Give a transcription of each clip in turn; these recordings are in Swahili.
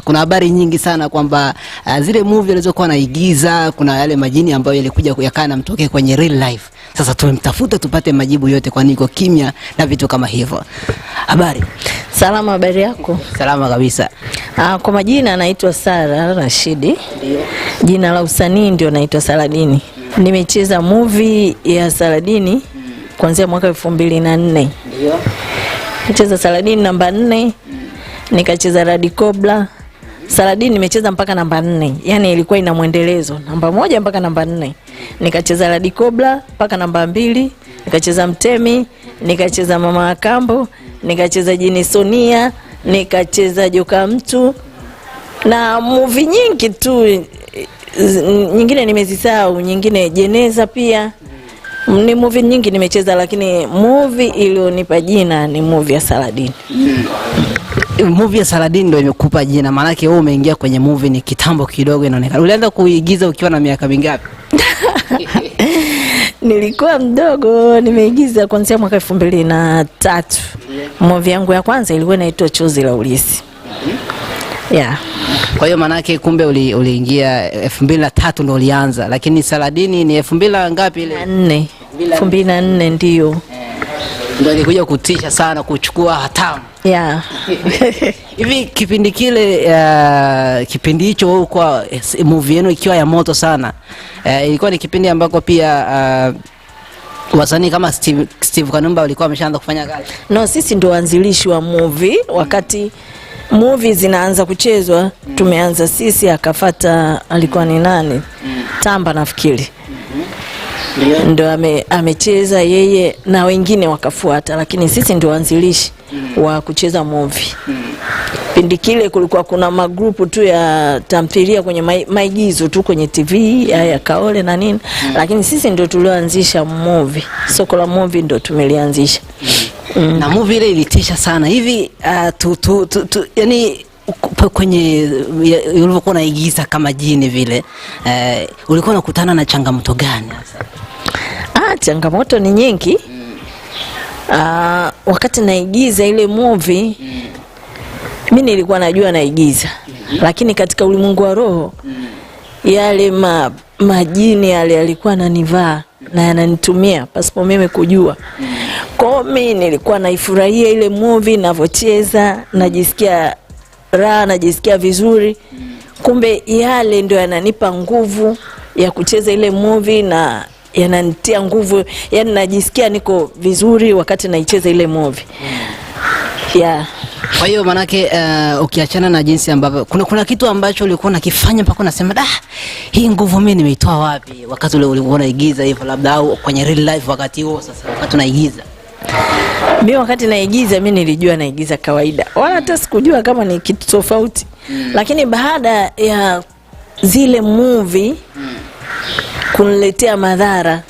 kuna habari nyingi sana kwamba uh, zile movie alizokuwa anaigiza kuna yale majini ambayo yalikuja yakaa namtokea kwenye real life. Sasa tumemtafuta tupate majibu yote, kwani iko kimya na vitu kama hivyo. Habari salama, habari yako? Salama kabisa. Aa, ah, kwa majina anaitwa Sara Rashidi. Jina la usanii ndio naitwa Saladini. Nimecheza movie ya Saladini kuanzia mwaka elfu mbili na nne. Ndio. Nicheza Saladini namba nne, nikacheza Radikobla Saladin nimecheza mpaka namba nne, yani ilikuwa ina mwendelezo namba moja mpaka namba nne. Nikacheza Ladi Kobla mpaka namba mbili, nikacheza Mtemi, nikacheza Mama Wakambo, nikacheza Jini Sonia, nikacheza Joka Mtu na muvi nyingi tu nyingine nimezisahau, nyingine jeneza pia ni muvi nyingi nimecheza, lakini muvi iliyonipa jina ni muvi ya Saladin. Eh, movie ya Saladin ndio imekupa jina, maanake wewe umeingia kwenye movie ni kitambo kidogo, inaonekana. Ulianza kuigiza ukiwa na miaka mingapi? Nilikuwa mdogo, nimeigiza kuanzia mwaka elfu mbili na tatu. Movie yangu ya kwanza ilikuwa inaitwa Chozi la Ulisi. Yeah. Kwa hiyo maanake kumbe uli, uliingia elfu mbili na tatu ndo ulianza, lakini Saladini ni elfu mbili na ngapi ile? elfu mbili na nne ndiyo. Yeah ndo alikuja kutisha sana kuchukua hatamu yeah. hivi kipindi kile uh, kipindi hicho kwa eh, movie yenu ikiwa ya moto sana uh, ilikuwa ni kipindi ambako pia uh, wasanii kama Steve, Steve Kanumba walikuwa wameshaanza kufanya kazi? No, sisi ndo waanzilishi wa movie wakati movie zinaanza kuchezwa tumeanza sisi, akafata alikuwa ni nani mm. Tamba nafikiri ndo amecheza yeye na wengine wakafuata, lakini sisi ndio waanzilishi mm. wa kucheza movie mm. pindi kile kulikuwa kuna magrupu tu ya tamthilia kwenye maigizo tu kwenye TV ya Kaole na nini mm. Lakini sisi ndio tulioanzisha movie, soko la movie ndio tumelianzisha mm. Mm. Na movie ile ilitisha sana hivi uh, tu, tu, tu, tu, yani kwenye ulivyokuwa unaigiza kama jini vile eh, ulikuwa unakutana na changamoto gani? Ah, changamoto ni nyingi mm. Ah, wakati naigiza ile movie mm. mi nilikuwa najua naigiza mm -hmm. lakini katika ulimwengu wa roho mm. yale ma, majini yale yalikuwa nanivaa na yananitumia pasipo mimi kujua. Kwa mi nilikuwa naifurahia ile movie, navyocheza najisikia raha, najisikia vizuri. Kumbe yale ndio yananipa nguvu ya kucheza ile movie na yananitia nguvu, yani najisikia niko vizuri wakati naicheza ile movie yeah. Kwa hiyo manake uh, ukiachana na jinsi ambavyo kuna, kuna kitu ambacho ulikuwa unakifanya mpaka unasema da, hii nguvu mimi nimeitoa wapi? Wakati ule ulikuwa unaigiza hivyo, labda au kwenye real life wakati huo, sasa wakati unaigiza Mi wakati naigiza mi nilijua naigiza kawaida, wala hata sikujua kama ni kitu tofauti mm. Lakini baada ya zile movie mm. kuniletea madhara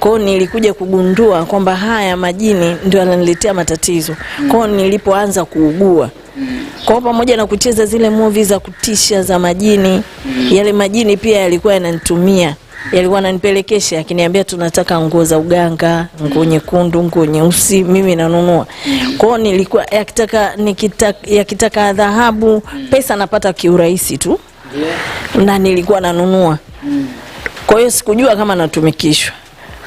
kwao nilikuja kugundua kwamba haya majini ndio yananiletea matatizo mm. kwao nilipoanza kuugua mm. kwao, pamoja na kucheza zile movie za kutisha za majini mm. yale majini pia yalikuwa yananitumia yalikuwa ananipelekesha akiniambia, tunataka nguo za uganga, nguo nyekundu, nguo nyeusi, mimi nanunua kwao. Nilikuwa yakitaka nikitaka yakitaka dhahabu, pesa napata kiurahisi tu, na nilikuwa nanunua. Mm. Kwa hiyo sikujua kama natumikishwa.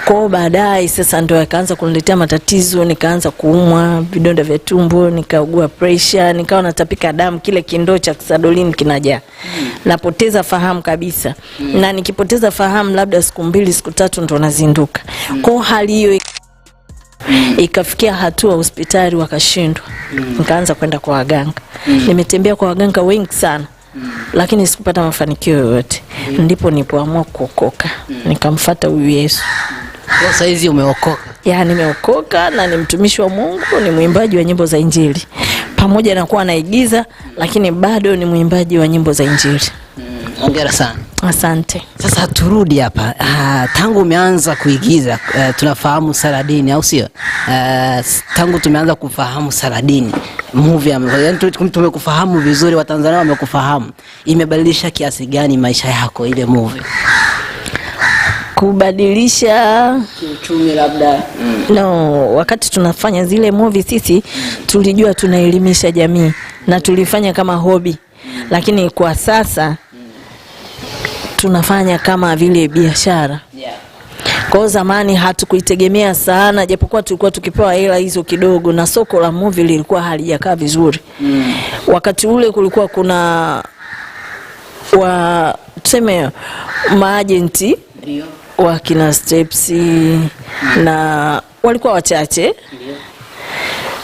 Kwao baadaye sasa ndo akaanza kuniletea matatizo, nikaanza kuumwa vidonda vya tumbo, nikaugua pressure, nikawa natapika damu, kile kindoo cha kisadolini kinajaa. Mm. Napoteza fahamu kabisa. Mm. Na nikipoteza fahamu labda siku mbili, siku tatu ndo nazinduka. Mm. Kwao hali hiyo ikafikia hatua hospitali wakashindwa. Mm. Nikaanza kwenda kwa waganga. Mm. Nimetembea kwa waganga wengi sana. Mm. Lakini sikupata mafanikio yoyote. Mm. Ndipo nipoamua kuokoka. Mm. nikamfata huyu Yesu. Mm. Kwa umeokoka. Ya, nimeokoka na ni mtumishi wa Mungu, ni mwimbaji wa nyimbo za Injili pamoja na kuwa anaigiza, lakini bado ni mwimbaji wa nyimbo za Injili. Mm, hongera sana. Asante. Sasa turudi hapa. Uh, tangu umeanza kuigiza uh, tunafahamu Saladini au sio? Uh, tangu tumeanza kufahamu Saladini movie ambayo yaani tumekufahamu vizuri, Watanzania wamekufahamu, imebadilisha kiasi gani maisha yako ile movie? kubadilisha kiuchumi labda. Mm. No, wakati tunafanya zile movie sisi tulijua tunaelimisha jamii na tulifanya kama hobi, lakini kwa sasa tunafanya kama vile biashara yeah. Kwa zamani hatukuitegemea sana, japokuwa tulikuwa tukipewa hela hizo kidogo, na soko la movie lilikuwa halijakaa vizuri mm. Wakati ule kulikuwa kuna wa tuseme maajenti wakina Stepsi na walikuwa wachache,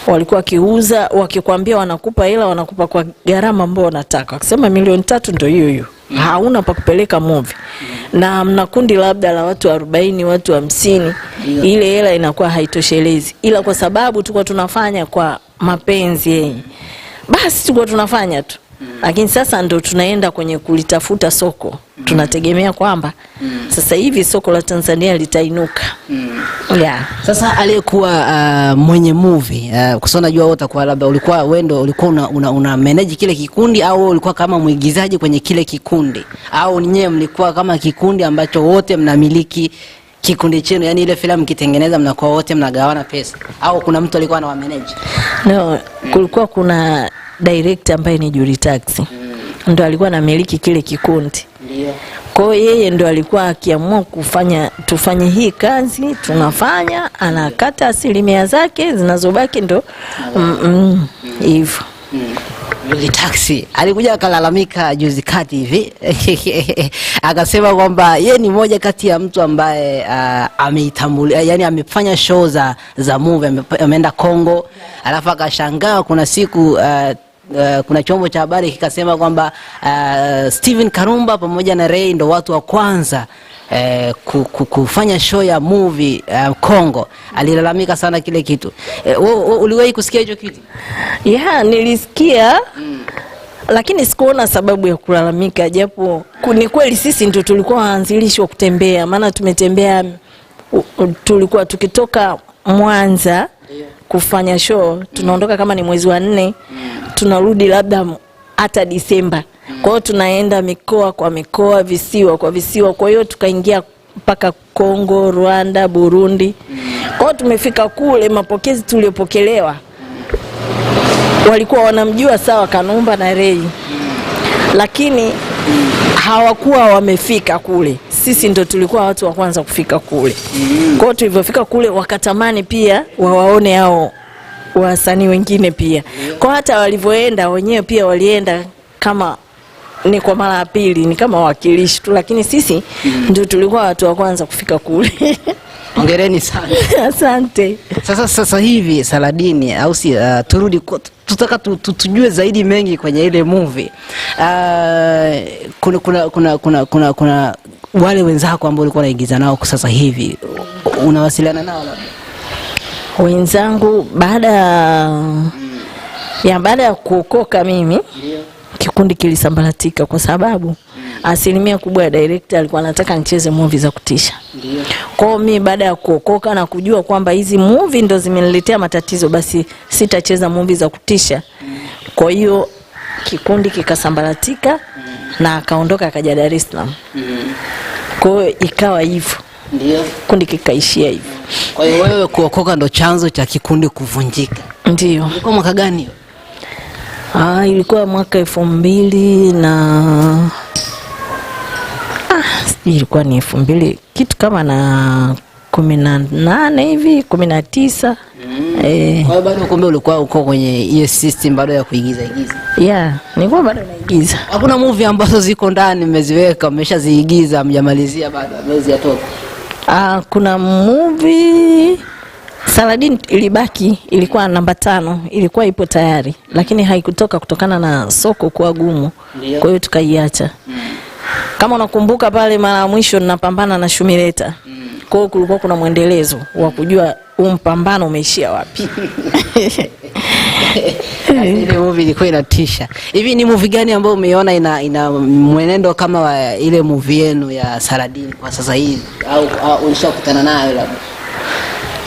walikuwa wakiuza, wakikwambia wanakupa hela, wanakupa kwa gharama ambayo wanataka, wakisema milioni tatu ndio hiyo hiyo Mm. hauna pa kupeleka movie mm. na mna kundi labda la watu arobaini watu hamsini yeah. ile hela inakuwa haitoshelezi, ila kwa sababu tuko tunafanya kwa mapenzi yenye basi tuko tunafanya tu mm. Lakini sasa ndo tunaenda kwenye kulitafuta soko mm. Tunategemea kwamba mm. sasa hivi soko la Tanzania litainuka mm. yeah. Sasa aliyekuwa uh, mwenye movie uh, kwa sababu najua wewe utakuwa labda ulikuwa wewe ndo ulikuwa una, una, una manage kile kikundi au ulikuwa kama mwigizaji kwenye kile kikundi au nyewe mlikuwa kama kikundi ambacho wote mnamiliki kikundi chenu, yani ile filamu kitengeneza, mnakuwa wote mnagawana pesa au kuna mtu alikuwa anawa manage? No, kulikuwa kuna director ambaye ni Juri Taxi mm. ndo alikuwa anamiliki kile kikundi Kwa hiyo yeye ndo alikuwa akiamua kufanya tufanye hii kazi, tunafanya, anakata asilimia zake zinazobaki ndo hivyo mm, mm, Taxi alikuja akalalamika juzi kati hivi akasema kwamba ye ni moja kati ya mtu ambaye uh, ameitambulia, yani amefanya show za, za movie, ameenda Kongo, alafu akashangaa kuna siku uh, Uh, kuna chombo cha habari kikasema kwamba uh, Steven Karumba pamoja na Ray ndo watu wa kwanza uh, kufanya show ya movie uh, Kongo. Alilalamika sana kile kitu. Uh, uliwahi kusikia hicho kitu? Yeah, nilisikia mm. Lakini sikuona sababu ya kulalamika, japo ni kweli sisi ndio tulikuwa waanzilishi wa kutembea, maana tumetembea, tulikuwa tukitoka Mwanza kufanya show tunaondoka kama ni mwezi wa nne, tunarudi labda hata Disemba. Kwa hiyo tunaenda mikoa kwa mikoa, visiwa kwa visiwa, kwa hiyo tukaingia mpaka Kongo, Rwanda, Burundi. Kwa hiyo tumefika kule, mapokezi tuliopokelewa walikuwa wanamjua sawa Kanumba na Rei, lakini hawakuwa wamefika kule sisi ndo tulikuwa watu wa kwanza kufika kule. Kwa hiyo tulivyofika kule, wakatamani pia wawaone hao wasanii wengine pia. Kwa hata walivyoenda wenyewe pia walienda kama ni kwa mara ya pili, ni kama wawakilishi tu, lakini sisi ndio tulikuwa watu wa kwanza kufika kule. Hongereni sana. Asante. Sasa sasa hivi Saladini au si, uh, turudi tutaka tujue zaidi mengi kwenye ile movie. Uh, kuna, kuna, kuna, kuna, kuna, kuna wale wenzako ambao ulikuwa unaigiza nao kwa sasa hivi unawasiliana nao labda? Wenzangu baada ya baada ya kuokoka mimi kikundi kilisambaratika kwa sababu asilimia kubwa ya director alikuwa anataka nicheze movie za kutisha. kwao Kwa mimi baada ya kuokoka na kujua kwamba hizi movie ndo zimeniletea matatizo, basi sitacheza movie za kutisha. Kwa hiyo kikundi kikasambaratika na akaondoka akaja Dar es Salaam. Mm. Kwa hiyo ikawa hivyo. Ndio. Kundi kikaishia hivyo. Kwa hiyo wewe kuokoka ndo chanzo cha kikundi kuvunjika. Ndio. Ilikuwa mwaka gani? Ah, ilikuwa mwaka elfu mbili na ah, ilikuwa ni elfu mbili kitu kama na kumi na nane hivi kumi na tisa. Eh. Kwa hiyo bado kumbe ulikuwa uko kwenye hiyo system bado ya kuigiza igiza. Yeah, nilikuwa bado naigiza. Hakuna movie ambazo ziko ndani mmeziweka, mmeshaziigiza, mjamalizia bado, mwezi mmeziyatoka. Ah, kuna movie Saladin ilibaki, ilikuwa namba tano, ilikuwa ipo tayari, lakini haikutoka kutokana na soko kuwa gumu, kwa hiyo tukaiacha. Mm. Kama unakumbuka pale mara ya mwisho ninapambana na Shumileta. Mm. Kwa hiyo kulikuwa kuna mwendelezo wa kujua umpambano umeishia wapi? Ile movie ilikuwa inatisha. Hivi ni movie gani ambayo umeiona ina, ina mwenendo kama wa ile movie yenu ya Saladin kwa sasa hivi au, au ulishakutana nayo labda?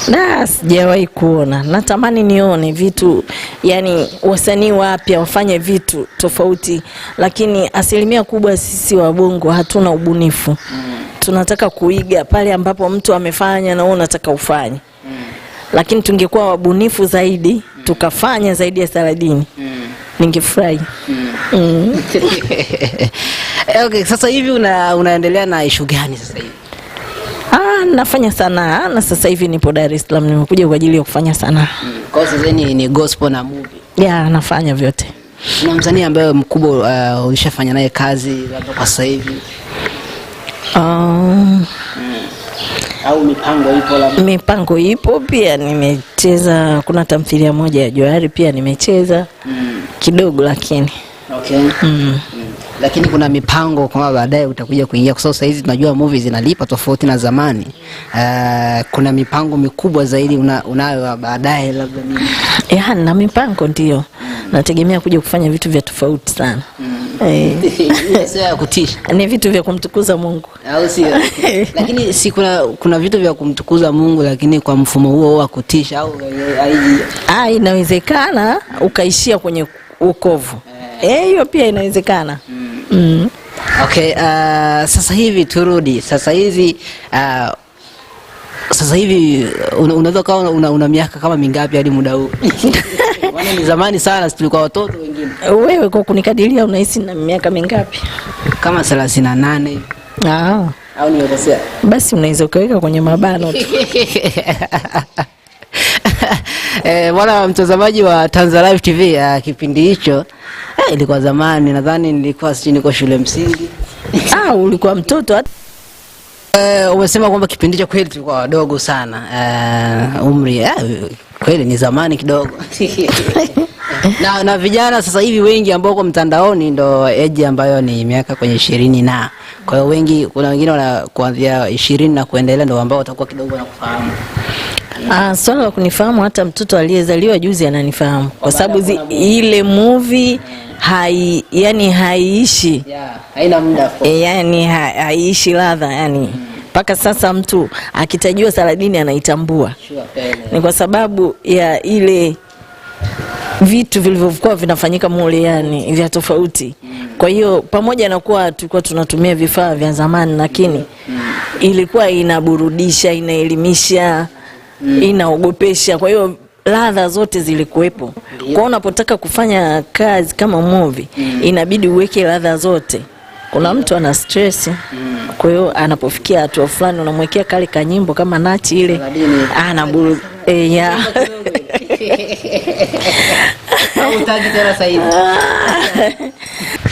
Na sijawahi kuona, natamani nione vitu, yani wasanii wapya wafanye vitu tofauti, lakini asilimia kubwa sisi wabongo hatuna ubunifu mm. Tunataka kuiga pale ambapo mtu amefanya na wewe unataka ufanye lakini tungekuwa wabunifu zaidi mm. tukafanya zaidi ya saladini mm. ningefurahi mm. mm. Okay, sasa hivi una, unaendelea na ishu gani sasa hivi? Ah, nafanya sanaa na sasa hivi nipo Dar es Salaam, nimekuja kwa ajili ya kufanya sanaa mm. kwa sasa ni, ni gospel na movie yeah, nafanya vyote. Kuna msanii ambaye mkubwa uh, ulishafanya naye kazi labda kwa sasa hivi? um, au mipango ipo labda? Mipango ipo pia, nimecheza kuna tamthilia moja ya Johari pia nimecheza mm. kidogo lakini okay. mm. Mm. Lakini kuna mipango kwamba baadaye utakuja kuingia, kwa sababu sasa hizi tunajua movie zinalipa tofauti na zamani. Uh, kuna mipango mikubwa zaidi una, baadaye labda nini? Yeah, na mipango ndio mm. nategemea kuja kufanya vitu vya tofauti sana mm. Eh. ni vitu vya kumtukuza Mungu au sio? Lakini si kuna, kuna vitu vya kumtukuza Mungu lakini kwa mfumo huo wa kutisha au ah, inawezekana ukaishia kwenye ukovu eh. Eh, hiyo, e, pia inawezekana mm. Mm. Okay, uh, sasa hivi turudi sasa hizi uh, sasa hivi unaweza una, una, una miaka kama mingapi hadi muda huu? Yaani ni zamani sana, tulikuwa watoto wengine. Wewe kwa kunikadiria unahisi na miaka mingapi? Kama 38 hivi. Ah. Au nimekosea? Basi unaweza ukaweka kwenye mabano tu. Eh, bwana mtazamaji wa Tanza Live TV, ya ah, kipindi hicho eh, ilikuwa zamani, nadhani nilikuwa sijui niko shule msingi. Ah, ulikuwa mtoto hata Eh, umesema kwamba kipindi cha kweli tulikuwa wadogo sana uh, umri uh, kweli ni zamani kidogo na, na vijana sasa hivi wengi ambao kwa mtandaoni ndo eji ambayo ni miaka kwenye ishirini na kwa hiyo wengi, kuna wengine wana kuanzia ishirini na kuendelea ndo ambao watakuwa kidogo na kufahamu Ah, swala la kunifahamu, hata mtoto aliyezaliwa juzi ananifahamu kwa sababu ile movie hai, yani haiishi yeah, haina muda e, yani haiishi ladha yani mm mpaka sasa mtu akitajua Saladini anaitambua, ni kwa sababu ya ile vitu vilivyokuwa vinafanyika mule, yani vya tofauti. Mm. Kwa hiyo pamoja na kuwa tulikuwa tunatumia vifaa vya zamani, lakini mm. ilikuwa inaburudisha, inaelimisha, mm. inaogopesha. Kwa hiyo ladha zote zilikuwepo. Kwa unapotaka kufanya kazi kama movie, inabidi uweke ladha zote. Kuna mtu ana stress, kwa hiyo anapofikia hatua fulani unamwekea kale kanyimbo kama nachi ile anaburu ah, eh, ya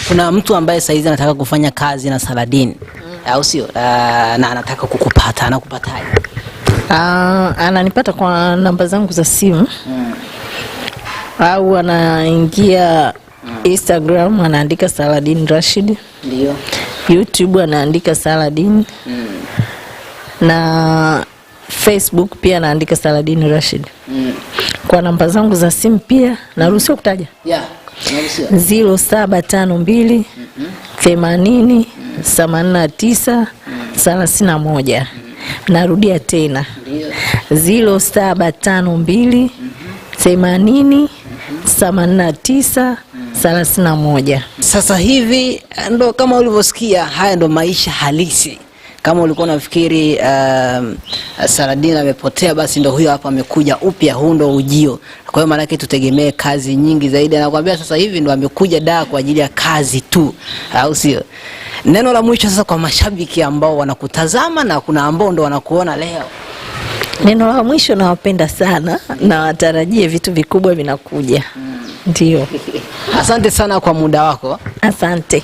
kuna mtu ambaye saizi anataka kufanya kazi na Saladini mm. au sio? Ah, na anataka kukupata, anakupataje? Uh, ananipata kwa namba zangu za simu mm. au anaingia Mm. Instagram anaandika Saladin Rashid. Ndio. YouTube anaandika Saladin. Mm. Na Facebook pia anaandika Saladin Rashid. Mm. Kwa namba zangu za simu pia naruhusiwa kutaja? Yeah. Ziro saba tano mbili themanini mm. themanini na tisa mm. thelathini na moja. Narudia tena ziro saba tano mbili mm-hmm. themanini mm-hmm. themanini na tisa thelathini na moja. Sasa hivi eh, ndo kama ulivyosikia, haya ndo maisha halisi. Kama ulikuwa unafikiri um, Saladin amepotea, basi ndo huyo hapa amekuja upya. Huu ndo ujio. Kwa hiyo maanake tutegemee kazi nyingi zaidi. Anakuambia sasa hivi ndo amekuja daa kwa ajili ya kazi tu, au sio? Neno la mwisho sasa kwa mashabiki ambao wanakutazama na kuna ambao ndo wanakuona leo. Neno la mwisho, nawapenda sana na watarajie vitu vikubwa vinakuja. hmm. Ndio. Asante sana kwa muda wako. Asante.